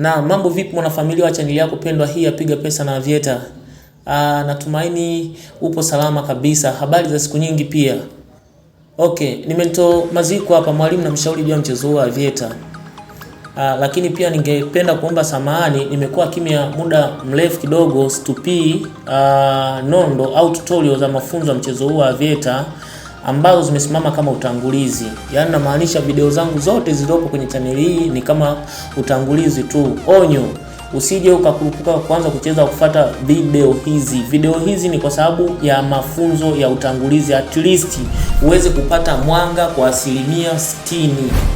Na mambo vipi mwanafamilia wa chaneli yako pendwa hii ya Piga Pesa na Aviator. Aa, ah, natumaini upo salama kabisa. Habari za siku nyingi pia. Okay, nimento maziko hapa mwalimu na mshauri juu ya mchezo wa Aviator. Aa, ah, lakini pia ningependa kuomba samahani, nimekuwa kimya muda mrefu kidogo, situpii ah, nondo au tutorial za mafunzo ya mchezo huu wa Aviator ambazo zimesimama kama utangulizi, yaani namaanisha video zangu zote zilizopo kwenye chaneli hii ni kama utangulizi tu. Onyo, usije ukakurupuka kuanza kucheza kufuata video hizi. Video hizi ni kwa sababu ya mafunzo ya utangulizi, at least uweze kupata mwanga kwa asilimia 60.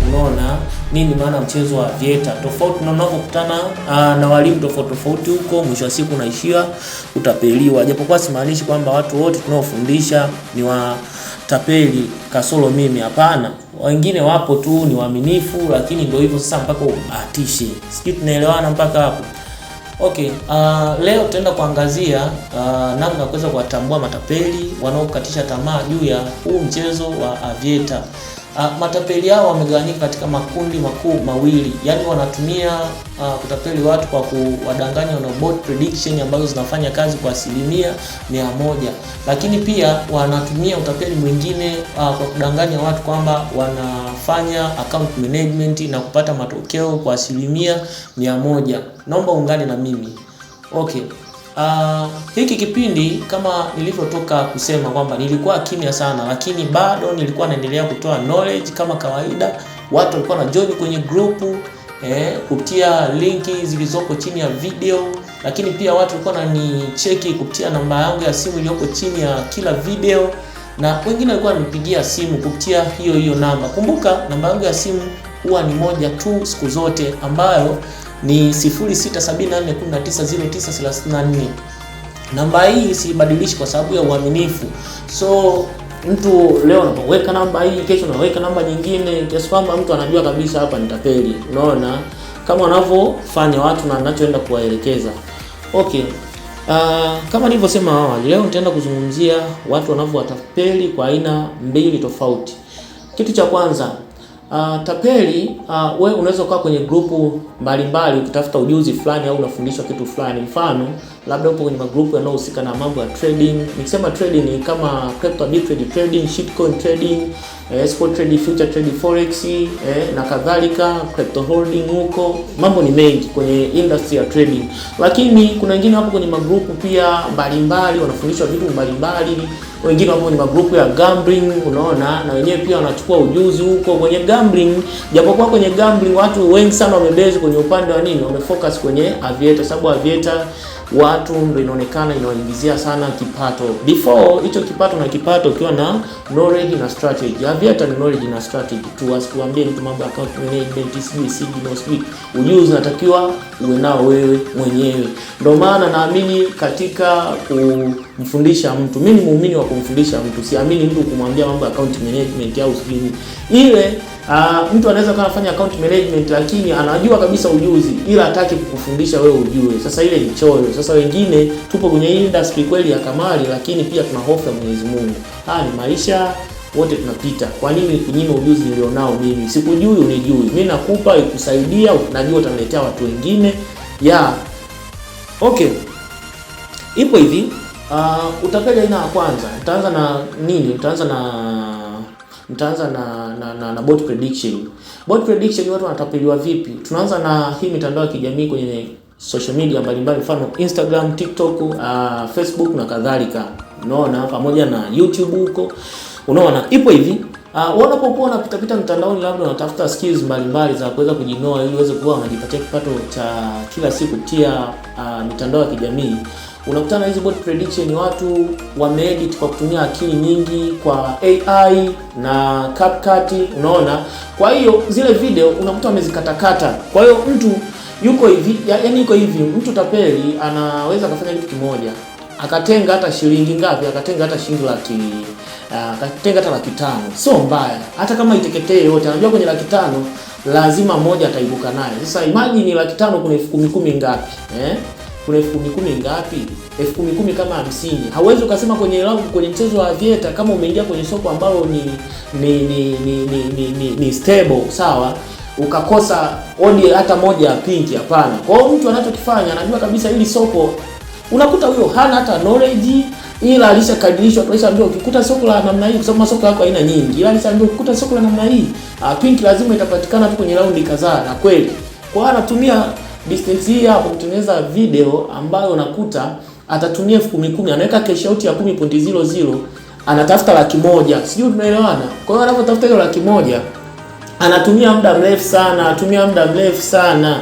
Unaona nini maana mchezo wa vieta tofauti na unavyokutana ah, na walimu tofauti tofauti huko, mwisho wa siku unaishia utapeliwa. Japokuwa simaanishi kwamba watu wote tunaofundisha ni wa tapeli kasoro mimi. Hapana, wengine wapo tu ni waaminifu, lakini ndio hivyo sasa, mpaka atishe. Sijui tunaelewana mpaka hapo? Okay, uh, leo tutaenda kuangazia uh, namna ya kuweza kuwatambua matapeli wanaokatisha tamaa juu ya huu mchezo wa Aviator. Uh, matapeli hao wamegawanyika katika makundi makuu mawili, yaani wanatumia uh, kutapeli watu kwa kuwadanganya na bot prediction ambazo zinafanya kazi kwa asilimia mia moja, lakini pia wanatumia utapeli mwingine uh, kwa kudanganya watu kwamba wanafanya account management na kupata matokeo kwa asilimia mia moja. Naomba ungane na mimi okay. Uh, hiki kipindi kama nilivyotoka kusema kwamba nilikuwa kimya sana, lakini bado nilikuwa naendelea kutoa knowledge kama kawaida. Watu walikuwa na join kwenye grupu eh, kupitia linki zilizoko chini ya video, lakini pia watu walikuwa wananicheki kupitia namba yangu ya simu iliyoko chini ya kila video, na wengine walikuwa wananipigia simu kupitia hiyo hiyo namba. Kumbuka namba yangu ya simu huwa ni moja tu siku zote ambayo ni 0674190934. Namba hii siibadilishi kwa sababu ya uaminifu. So mtu leo unaweka namba hii, kesho unaweka namba nyingine, kiasi kwamba mtu anajua kabisa hapa nitapeli. Unaona kama wanavyofanya watu na anachoenda kuwaelekeza. Okay. Uh, kama nilivyosema awali, leo nitaenda kuzungumzia watu wanavyowatapeli kwa aina mbili tofauti. Kitu cha kwanza Uh, tapeli uh, we unaweza ukaa kwenye grupu mbalimbali ukitafuta ujuzi fulani au unafundishwa kitu fulani. Mfano, labda upo kwenye magrupu yanayohusika na mambo ya trading. Nikisema trading ni kama crypto day trade trading, shitcoin trading, eh, spot trading, future trading, forex eh, na kadhalika, crypto holding huko. Mambo ni mengi kwenye industry ya trading, lakini kuna wengine wapo kwenye magrupu pia mbalimbali wanafundishwa vitu mbalimbali wengine wako kwenye magrupu ya gambling, unaona, na wenyewe pia wanachukua ujuzi huko kwenye gambling. Japokuwa kwenye gambling watu wengi sana wamebezi kwenye upande wa nini, wamefocus kwenye aviator, sababu aviator watu ndio inaonekana inawaingizia sana kipato. Before hicho kipato na kipato ukiwa na knowledge na strategy. Aviator ni knowledge na strategy tu, asikuambie mtu mambo account management, sijui sijui no sijui. Ujuzi unatakiwa uwe nao wewe mwenyewe. Ndio maana naamini katika ku kumfundisha mtu. Mimi ni muumini wa kumfundisha mtu, siamini mtu kumwambia mambo ya account management au sijui ile. Uh, mtu anaweza kama afanya account management lakini anajua kabisa ujuzi, ila hataki kukufundisha wewe ujue. Sasa ile ni choyo. Sasa wengine tupo kwenye industry kweli ya kamari, lakini pia tuna hofu ya Mwenyezi Mungu. Haya ni maisha wote tunapita. Kwa nini kunyima ujuzi nilionao mimi? Sikujui, unijui. Mimi nakupa ikusaidia, najua utaniletea watu wengine. Ya. Yeah. Okay. Ipo hivi Uh, utapeli aina ya kwanza nitaanza na nini? Nitaanza na nitaanza na na, na, na bot prediction. Bot prediction, watu wanatapeliwa vipi? Tunaanza na hii mitandao ya kijamii kwenye social media mbalimbali, mfano Instagram, TikTok, uh, Facebook na kadhalika, unaona, pamoja na YouTube huko, unaona ipo hivi Uh, wanapokuwa wanapitapita mtandaoni, labda wanatafuta skills mbalimbali za kuweza kujinoa ili uweze kuwa wanajipatia kipato cha kila siku kupitia uh, mitandao ya kijamii unakutana na hizi bot prediction, watu wameedit kwa kutumia akili nyingi kwa AI na CapCut, unaona. Kwa hiyo zile video unakuta wamezikatakata, kwa hiyo mtu yuko hivi, yaani yuko hivi, mtu tapeli anaweza akafanya kitu kimoja akatenga hata shilingi ngapi, akatenga hata shilingi laki, ah, akatenga hata laki tano. Sio mbaya, hata kama iteketee yote, anajua kwenye laki tano lazima moja ataibuka naye. Sasa imagine laki tano kuna elfu kumi kumi ngapi eh? kuna elfu kumi kumi ngapi? elfu kumi kumi kama hamsini. Hauwezi ukasema kwenye labu, kwenye mchezo wa vieta kama umeingia kwenye soko ambalo ni ni ni ni, ni, ni, ni, ni stable sawa, ukakosa odi hata moja ya pinki. Hapana. Kwa hiyo mtu anachokifanya anajua kabisa hili soko, unakuta huyo hana hata knowledge ila alishakadirishwa ndio ukikuta soko la namna hii, kwa sababu masoko yako haina nyingi, ila alishaambiwa ukikuta soko la namna hii, ah, pinki lazima itapatikana tu kwenye raundi kadhaa, na kweli kwa anatumia distance hii hapo kutengeneza video ambayo unakuta atatumia elfu kumi kumi, anaweka cash out ya 10.00 anatafuta laki moja, sijui tunaelewana. Kwa hiyo anapotafuta hiyo laki moja anatumia muda mrefu sana, anatumia muda mrefu sana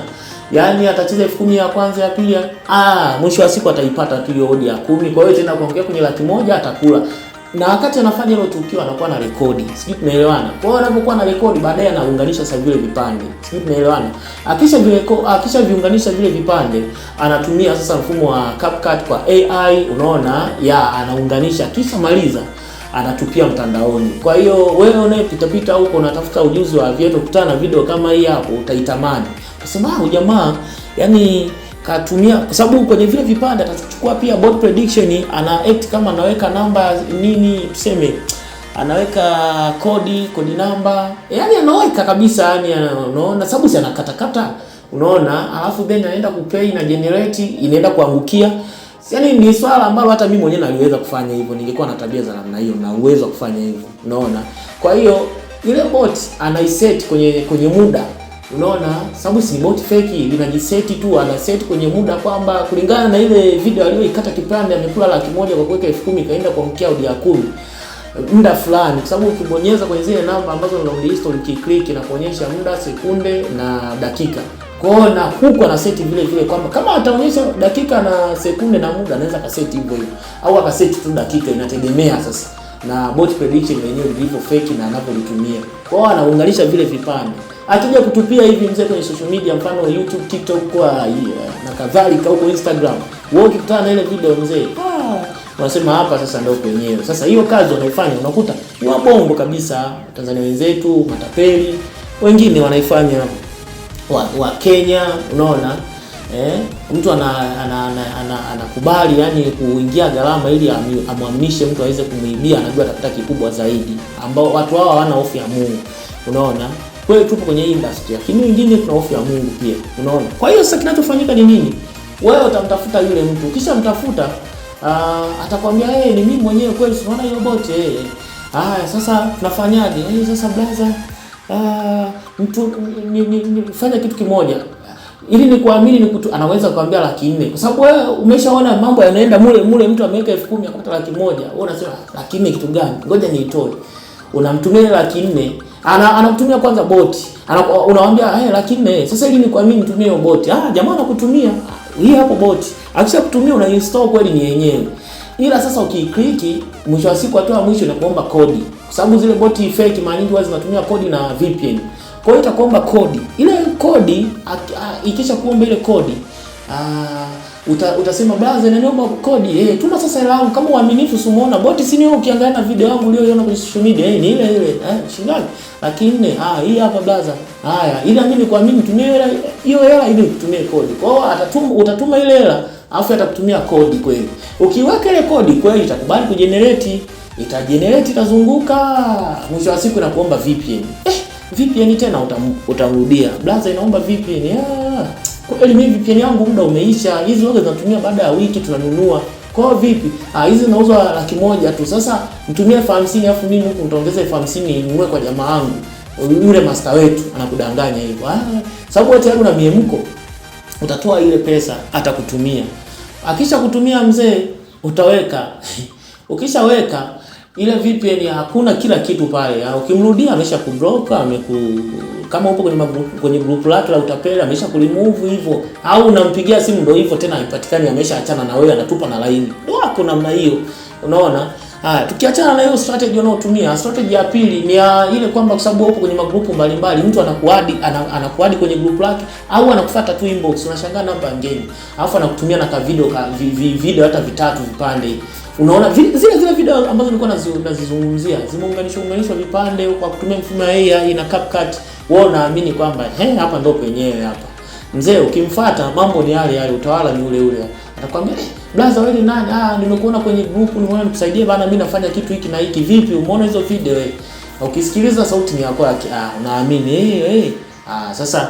yaani atacheza elfu kumi ya kwanza ya pili, ah, mwisho wa siku ataipata tu hiyo odi ya kumi. Kwa hiyo tena kuongea kwenye laki moja atakula na wakati anafanya hilo tukio anakuwa na rekodi, sijui tumeelewana. Kwa hiyo anapokuwa na rekodi, baadaye anaunganisha sasa vile vipande, sijui tumeelewana. Akisha vile akisha viunganisha vile vipande, anatumia sasa mfumo wa CapCut kwa AI, unaona ya anaunganisha, kisha maliza anatupia mtandaoni. Kwa hiyo wewe unayepita pita huko unatafuta ujuzi wa viatu, kutana na video kama hii hapo, utaitamani, utasema ah, jamaa yani katumia kwa sababu kwenye vile vipande atachukua pia board prediction, ana act kama anaweka namba nini, tuseme anaweka kodi kodi namba, yani anaweka kabisa, yani unaona, sababu si anakatakata, unaona, alafu then anaenda kupay na generate, inaenda kuangukia. Yani ni swala ambalo hata mimi mwenyewe naliweza kufanya hivyo, ningekuwa na tabia za namna hiyo na uwezo wa kufanya hivyo, unaona. Kwa hiyo ile bot anaiset kwenye kwenye muda Unaona, sababu si bot fake, linajiseti tu, anaseti kwenye muda kwamba kulingana na ile video aliyoikata kipande amekula laki moja kwa kuweka elfu kumi kaenda kwa mkia ya kumi muda fulani, kwa sababu ukibonyeza kwenye zile namba ambazo ndio history, ukiklik kuonyesha muda, sekunde na dakika. Kwa hiyo na huko ana seti vile vile kwamba kama ataonyesha dakika na sekunde na muda, anaweza kaseti hivyo hivyo, au akaseti tu dakika, inategemea sasa na bot prediction yenyewe ilivyo fake na anapolitumia. Kwa hiyo anaunganisha vile vipande. Akija kutupia hivi mzee kwenye social media, mfano YouTube, TikTok kwa eh, na kadhalika, huko Instagram, wewe ukikutana na ile video mzee, ah, wanasema hapa sasa ndio kwenyewe Sasa hiyo kazi wanaifanya, unakuta wabongo kabisa, Tanzania wenzetu, matapeli wengine wanaifanya wa, wa Kenya, unaona eh, mtu anakubali ana, ana, ana, ana yani kuingia gharama ili amwamnishe mtu aweze kumuibia, anajua atapata kikubwa zaidi, ambao watu hao hawana hofu ya Mungu, unaona. Kwa hiyo tupo kwenye industry, lakini wengine tuna hofu ya Mungu pia, unaona. Kwa hiyo sasa kinachofanyika ni nini? Wewe utamtafuta yule mtu, kisha mtafuta uh, ah, atakwambia yeye eh, hey, ni mimi mwenyewe kweli, unaona hiyo bote eh, eh. hey. Ah, sasa tunafanyaje? Eh, sasa brother uh, mtu fanya kitu kimoja ili ni kuamini ni kutu, anaweza kuambia laki nne kwa sababu wewe umeshaona mambo yanaenda mule mule, mtu ameweka elfu kumi akapata laki moja. Wewe unasema laki nne kitu gani? Ngoja niitoe, unamtumia laki nne ana anamtumia kwanza boti, unamwambia eh, laki nne sasa hivi ni kwa mimi nitumie boti. Ah, jamaa anakutumia hii hapo boti, akisha kutumia unainstall kweli ni yenyewe, ila sasa ukiikliki, mwisho wa siku atoa mwisho na kuomba kodi, kwa sababu zile boti fake mara nyingi huwa zinatumia kodi na VPN. Kwa hiyo itakuomba kodi, ile kodi ah, ikisha kuomba ile kodi ah uta, utasema brother, naniomba kodi eh, tuma sasa hela yangu kama uaminifu. Si umeona boti, si ni wewe ukiangalia na video yangu uliyoiona kwenye social media eh, ni ile ile eh, shingapi Lakini nne. Ah, hii hapa brother, haya ila mimi nikuamini, tumie hela hiyo hela ili tumie kodi. Kwa hiyo atatuma, utatuma ile hela afu atakutumia kodi kweli. Ukiweka ile kodi kweli, itakubali kujenerate, itajenerate, itazunguka, mwisho wa siku inakuomba VPN eh, VPN tena utam, utamrudia brother, inaomba VPN ah kwa hiyo mimi VPN yangu muda umeisha. Hizi waga tunatumia baada ya wiki tunanunua. Kwa hiyo vipi? Ah, hizi zinauzwa laki moja tu. Sasa mtumie elfu hamsini afu mimi huku nitaongeza elfu hamsini ninunue kwa jamaa wangu. Yule master wetu anakudanganya hivyo. Ah, sababu wewe tayari una miemko. Utatoa ile pesa atakutumia. Akisha kutumia mzee utaweka. Ukishaweka ile VPN hakuna kila kitu pale. Ah, ukimrudia amesha kublock, ameku kama upo kwenye magrupu, kwenye group lake la utapeli amesha kulimove hivyo, au unampigia simu ndio hivyo tena haipatikani, amesha achana na wewe, anatupa na laini ndio wako namna hiyo, unaona. Haya, tukiachana na hiyo strategy unaotumia, strategy ya pili ni ya ile kwamba kwa sababu upo kwenye magrupu mbalimbali, mtu anakuadi anakuadi kwenye group lake au anakufuata tu inbox, unashangaa namba ngeni, alafu anakutumia na ka video ka vi, vi, video hata vitatu vipande Unaona zile zile video ambazo nilikuwa nazizungumzia zimeunganishwa unganishwa vipande kwa kutumia mfumo wa AI na CapCut wewe unaamini kwamba he, hapa ndio penyewe hapa. Mzee ukimfuata mambo ni yale yale, utawala ni ule ule. Atakwambia eh, blaza wewe ni nani? Ah, nimekuona kwenye group, ni wewe nikusaidie bana, mimi nafanya kitu hiki na hiki. Vipi, umeona hizo video wewe? Eh? Ukisikiliza sauti ni yako yake, ah, unaamini eh, hey, eh. hey. Ah, sasa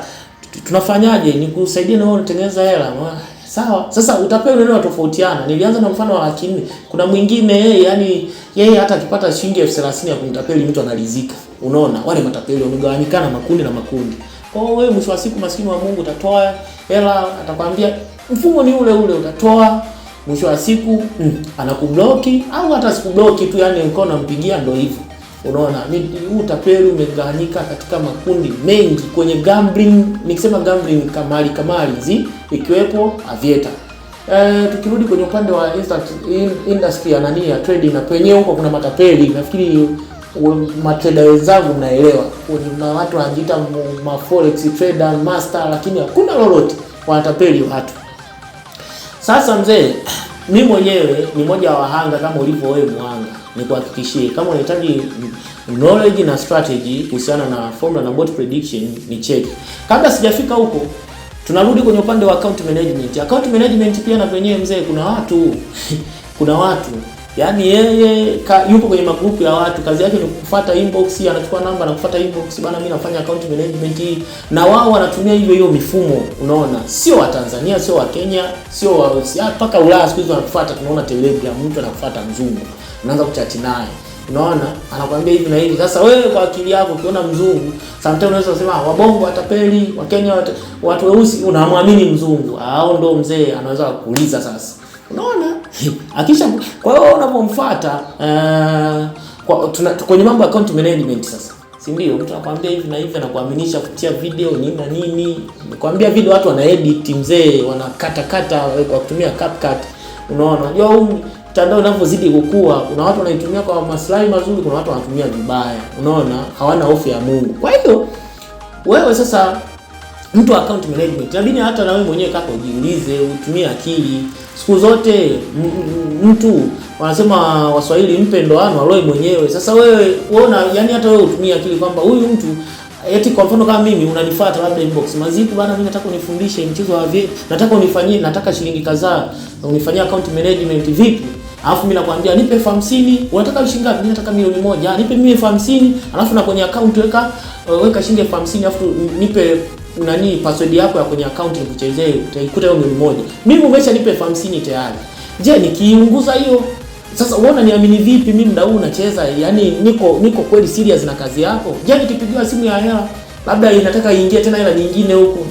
tunafanyaje? Nikusaidie na wewe unatengeneza hela. Ah, sawa. Sasa utapewa neno tofautiana. Nilianza na mfano wa laki nne. Kuna mwingine yeye, eh, yani yeye hata akipata shilingi elfu thelathini ya kumtapeli mtu analizika. Unaona wale matapeli wamegawanyikana makundi na makundi. Kwa hiyo wewe mwisho wa siku, maskini wa Mungu, utatoa hela, atakwambia mfumo ni ule ule, utatoa mwisho wa siku mm, anakubloki au hata sikubloki tu, yani uko unampigia ndio hivyo. Unaona huu utapeli umegawanyika katika makundi mengi kwenye gambling. Nikisema gambling, kamari kamari hizi ikiwepo avieta. E, eh, tukirudi kwenye upande wa industry ya nani ya trading, na penyewe huko kuna matapeli nafikiri matrader wenzangu mnaelewa, na watu wanajiita ma forex trader master, lakini hakuna lolote, wanatapeli watu. Sasa mzee, mimi mwenyewe ni moja wa wahanga kama ulivyo wewe mwanga. Nikuhakikishie, kama unahitaji knowledge na strategy kuhusiana na formula na bot prediction, ni check. Kabla sijafika huko tunarudi kwenye upande wa account management. Account management pia na wenyewe mzee, kuna watu kuna watu Yaani yeye ka, yupo kwenye magrupu ya watu, kazi yake ni kufuata inbox, anachukua namba na kufuata inbox, bana mimi nafanya account management hii, na wao wanatumia hiyo hiyo mifumo. Unaona, sio wa Tanzania, sio wa Kenya, sio wa mpaka Ulaya siku hizo wanakufuata. Tunaona Telegram, mtu anakufuata mzungu, unaanza kuchat naye, unaona anakuambia hivi na hivi. Sasa wewe kwa akili yako ukiona mzungu, sometimes unaweza kusema ah, wabongo watapeli, wa Kenya watu weusi, unamwamini mzungu, au ndio mzee anaweza kukuuliza sasa, unaona akisha kwa hiyo unapomfuata uh, eh, kwenye mambo ya account management sasa, si ndio? Mtu anakuambia hivi na hivi, anakuaminisha kupitia video nini na nini. Nikwambia video watu wana edit mzee, wanakata kata eh, kwa kutumia CapCut. Unaona, unajua huu mtandao unavyozidi kukua, kuna watu wanaitumia kwa maslahi mazuri, kuna watu wanatumia vibaya. Unaona, hawana hofu ya Mungu. Kwa hiyo wewe sasa mtu account management labini hata na wewe mwenyewe kaka ujiulize, utumie akili. Siku zote mtu wanasema Waswahili, mpe ndoano aloe mwenyewe. Sasa wewe uona, yani hata wewe utumie akili kwamba huyu mtu eti kwa mfano kama mimi unanifuata labda inbox maziku bana, mimi nataka unifundishe mchezo wa vipi, nataka unifanyie, nataka shilingi kadhaa unifanyie account management vipi, alafu mimi nakwambia nipe elfu hamsini. Unataka shilingi ngapi? Mimi nataka milioni moja. Nipe mimi elfu hamsini, alafu na kwenye account weka weka shilingi elfu hamsini, alafu nipe nani password yako ya kwenye account nikuchezee, utaikuta hiyo milioni moja. Mimi umeshanipa elfu hamsini tayari. Je, nikiunguza hiyo sasa unaona niamini vipi mimi mda huu nacheza? Yaani niko niko kweli serious na kazi yako. Je, nikipigiwa simu ya hela labda inataka iingie tena hela nyingine huku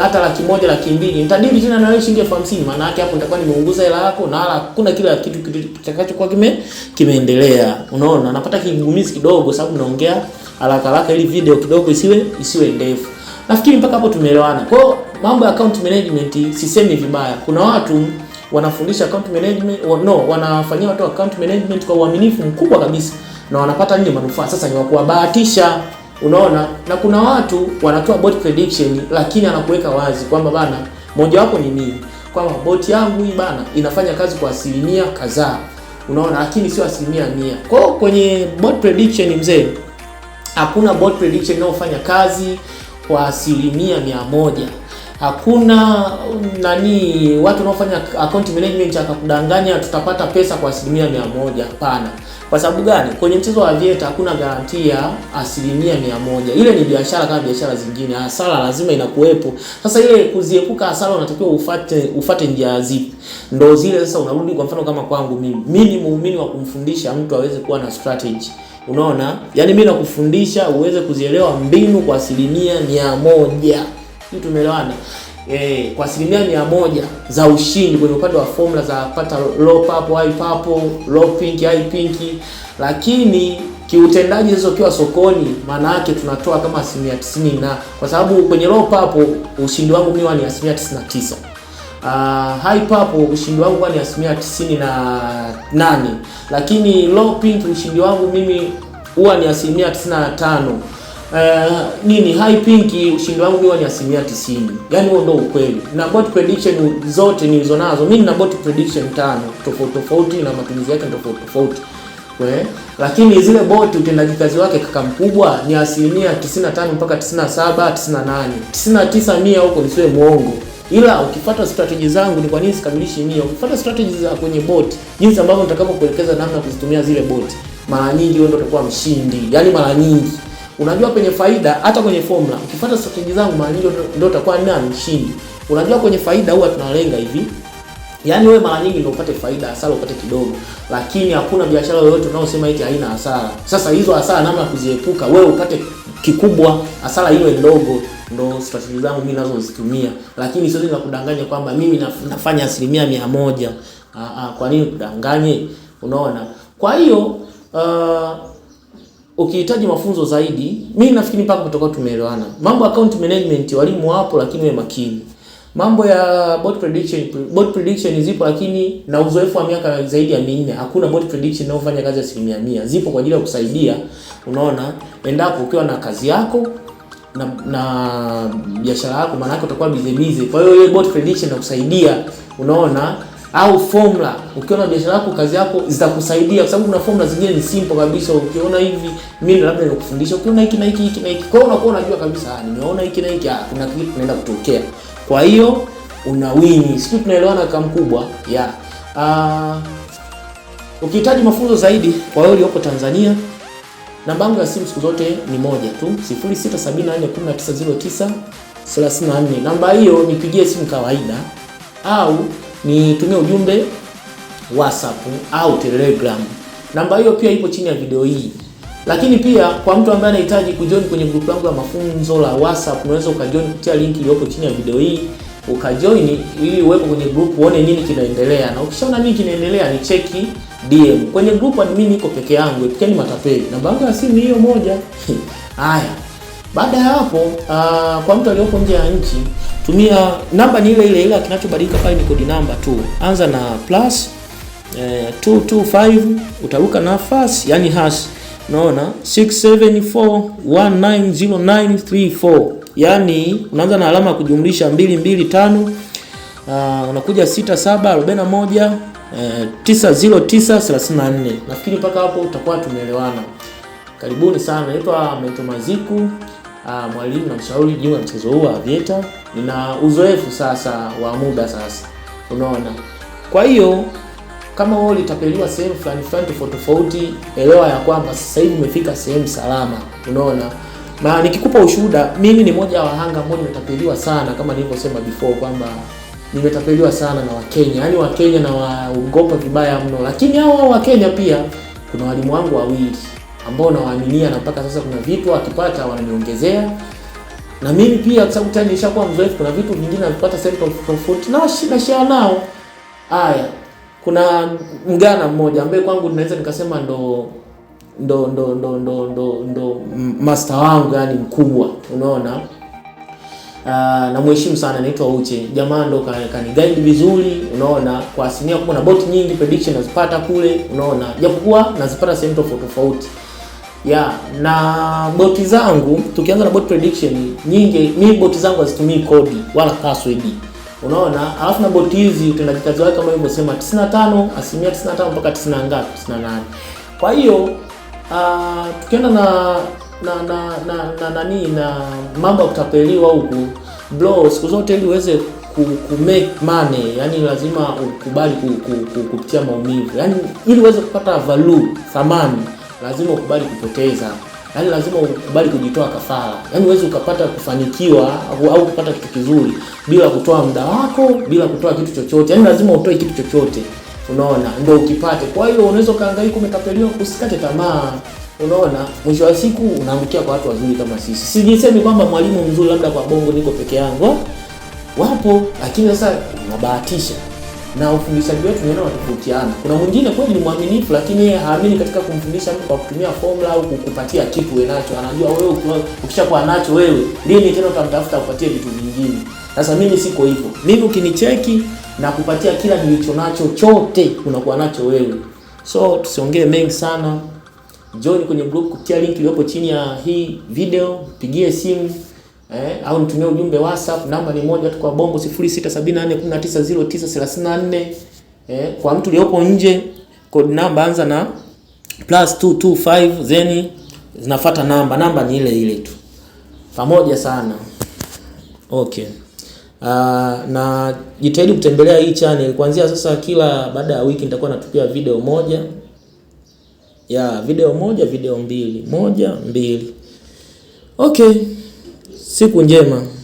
hata laki moja laki mbili nitadili tena na wewe shilingi elfu hamsini maana yake hapo nitakuwa nimeunguza hela yako na hala kuna kila kitu kitakachokuwa kime kimeendelea. Unaona napata kigumizi kidogo sababu naongea haraka haraka ili video kidogo isiwe isiwe ndefu. Nafikiri mpaka hapo tumeelewana. Kwa hiyo mambo ya account management sisemi vibaya. Kuna watu wanafundisha account management wa, no, wanafanyia watu account management kwa uaminifu mkubwa kabisa na wanapata nini manufaa. Sasa ni wa kuwabahatisha, unaona. Na kuna watu wanatoa bot prediction, lakini anakuweka wazi kwamba bana, moja wapo ni mimi kwamba bot yangu hii bana inafanya kazi kwa asilimia kadhaa, unaona, lakini sio asilimia mia. Kwa hiyo kwenye bot prediction mzee, hakuna bot prediction inayofanya kazi kwa asilimia mia moja. Hakuna um, nani watu wanaofanya account management akakudanganya tutapata pesa kwa asilimia mia moja. Hapana. Kwa sababu gani? Kwenye mchezo wa vieta hakuna garantia asilimia mia moja. Ile ni biashara kama biashara zingine, hasara lazima inakuwepo. Sasa ile kuziepuka hasara, unatakiwa ufate ufate njia zipi? Ndio zile sasa unarudi, kwa mfano kama kwangu mimi, mimi ni muumini wa kumfundisha mtu aweze kuwa na strategy Unaona, yaani mimi nakufundisha uweze kuzielewa mbinu kwa asilimia mia moja. Hii tumeelewana eh? Kwa asilimia mia moja za ushindi kwenye upande wa formula za pata low purple, high purple, low pink, high pink, lakini kiutendaji hizo kiwa sokoni, maana yake tunatoa kama asilimia tisini na kwa sababu kwenye low purple ushindi wangu mimi ni asilimia tisini na tisa. Uh, high purple ushindi wangu ni asilimia tisini na nane lakini low pint ushindi wangu mimi huwa ni asilimia 95. Uh, eh, nini high pink ushindi wangu huwa ni asilimia 90. Yani huo ndio ukweli, na bot prediction zote nilizo nazo mimi nina bot prediction tano tofauti tofauti na matumizi yake tofauti tofauti we, eh, lakini zile bot utendaji kazi wake kaka mkubwa ni asilimia 95 mpaka 97, 98, 99, mia huko nisiwe muongo ila ukifuata strategy zangu ni kwa nini sikamilishi mia? Ukifuata strategy za kwenye bot, jinsi ambavyo nitakavyokuelekeza namna ya kuzitumia zile bot, mara nyingi wewe ndio utakuwa mshindi. Yaani mara nyingi unajua kwenye faida, hata kwenye formula ukifuata strategy zangu, mara nyingi ndio utakuwa nani mshindi. Unajua kwenye faida huwa tunalenga hivi Yaani wewe mara nyingi ndio upate faida, hasara upate kidogo, lakini hakuna biashara yoyote unaosema eti haina hasara. Sasa hizo hasara namna kuziepuka, wewe upate kikubwa, hasara iwe ndogo, ndo strategy zangu mimi nazozitumia, lakini siwezi za kudanganya kwamba mimi nafanya asilimia mia moja. Ah, ah, kwa nini kudanganye? Unaona, kwa hiyo uh, ukihitaji mafunzo zaidi, mimi nafikiri mpaka kutoka tumeelewana mambo account management, walimu wapo, lakini we makini. Mambo ya bot prediction, bot prediction zipo, lakini na uzoefu wa miaka zaidi ya minne, hakuna bot prediction inayofanya kazi asilimia mia. Zipo kwa ajili ya kusaidia, unaona, endapo ukiwa na kazi yako na, na biashara yako, maana yake utakuwa busy busy. Kwa hiyo bot prediction inakusaidia, unaona, au formula ukiona biashara yako, kazi yako zitakusaidia, kwa sababu kuna formula zingine ni simple kabisa. Ukiona hivi, mimi labda nikufundisha, ukiona hiki na hiki hiki na hiki, kwa hiyo unakuwa unajua kabisa, ah, nimeona hiki na hiki, ah, kuna kitu kinaenda kutokea. Kwa hiyo una win. Sisi tunaelewana kama mkubwa ya yeah. Uh, ukihitaji mafunzo zaidi kwa wewe ulioko Tanzania, namba yangu ya simu siku zote ni moja tu 0674190934. Namba hiyo nipigie simu kawaida au nitumie ujumbe WhatsApp au Telegram. Namba hiyo pia ipo chini ya video hii. Lakini pia kwa mtu ambaye anahitaji kujoin kwenye grupu yangu ya mafunzo la WhatsApp, unaweza ukajoin kupitia link iliyopo chini ya video hii ukajoin ili uwepo kwenye group uone nini kinaendelea, na ukishaona nini kinaendelea ni cheki DM kwenye group. Admin niko peke yangu, epukeni matapeli. Namba yangu ya simu hiyo moja. Haya, baada ya hapo uh, kwa mtu aliyopo nje ya nchi tumia namba ni ile ile, ila kinachobadilika pale ni kodi namba tu. Anza na plus eh, 225 utaruka nafasi yani hash Unaona 674190934 yani unaanza na alama ya kujumlisha 225 uh, ah, unakuja 6741909934 eh, Nafikiri mpaka hapo utakuwa tumeelewana. Karibuni sana. Naitwa Meto Maziku, ah, mwalimu na mshauri juu ya mchezo huu wa vieta Nina uzoefu sasa wa muda sasa, unaona, kwa hiyo kama wewe ulitapeliwa sehemu fulani fulani tofauti tofauti, elewa ya kwamba sasa hivi umefika sehemu salama. Unaona, na nikikupa ushuhuda, mimi ni moja wa wahanga ambao nimetapeliwa sana, kama nilivyosema before kwamba nimetapeliwa sana na Wakenya, yaani Wakenya na waogopa vibaya mno, lakini hao wa Wakenya pia kuna walimu wangu wawili ambao nawaaminia na mpaka sasa kuna vitu akipata wananiongezea na mimi pia kwa sababu tayari nishakuwa mzoefu, kuna vitu vingine navipata sehemu tofauti na shida nao. Haya, kuna mgana mmoja ambaye kwangu naweza nikasema ndo ndo ndo ndo ndo ndo ndo master wangu yani mkubwa, unaona Uh, namheshimu sana, naitwa Uche. Jamaa ndo kani guide vizuri, unaona, kwa asilimia kubwa, na bot nyingi prediction nazipata kule, unaona, japokuwa nazipata sehemu tofauti tofauti yeah. Na boti zangu, tukianza na bot prediction nyingi, mimi boti zangu hazitumii kodi wala password Unaona, alafu na boti hizi utendaji kazi wake kama nilivyosema 95 asilimia 95 mpaka 90 ngapi, 98. Kwa hiyo uh, tukienda na na na na na nani na, na mambo ya kutapeliwa huku bro, siku zote ili uweze ku, ku make money, yani lazima ukubali ku, ku, ku, kupitia maumivu, yani ili uweze kupata value thamani, lazima ukubali kupoteza yaani lazima ukubali kujitoa kafara. Yaani huwezi ukapata kufanikiwa au kupata kitu kizuri bila kutoa muda wako, bila kutoa kitu chochote. Yaani lazima utoe kitu chochote, unaona, ndio ukipate. Kwa hiyo unaweza ukahangaika, umetapeliwa, usikate tamaa. Unaona, mwisho wa siku unaangukia kwa watu wazuri kama sisi. Sijisemi kwamba mwalimu mzuri labda kwa bongo niko peke yangu, wapo, lakini sasa unabahatisha na ufundishaji wetu neno unatofautiana. Kuna mwingine kweli ni mwaminifu, lakini yeye haamini katika kumfundisha mtu kwa kutumia formula au kukupatia kitu wewe nacho. Anajua wewe ukishakuwa nacho wewe, lini tena utamtafuta kupatia vitu vingine. Sasa mimi siko hivyo. Mimi ukinicheki na kupatia kila nilicho nacho chote, unakuwa nacho wewe. So tusiongee mengi sana. Join kwenye group kupitia link iliyopo chini ya hii video, pigie simu eh, au nitumie ujumbe WhatsApp, namba ni moja tu kwa Bongo 0674190934 eh, kwa mtu aliyepo nje code namba anza na plus 225 then zinafuata namba, namba ni ile ile tu. Pamoja sana. Okay. Uh, na jitahidi kutembelea hii channel kuanzia sasa, kila baada ya wiki nitakuwa natupia video moja ya yeah, video moja video mbili moja mbili. Okay. Siku njema.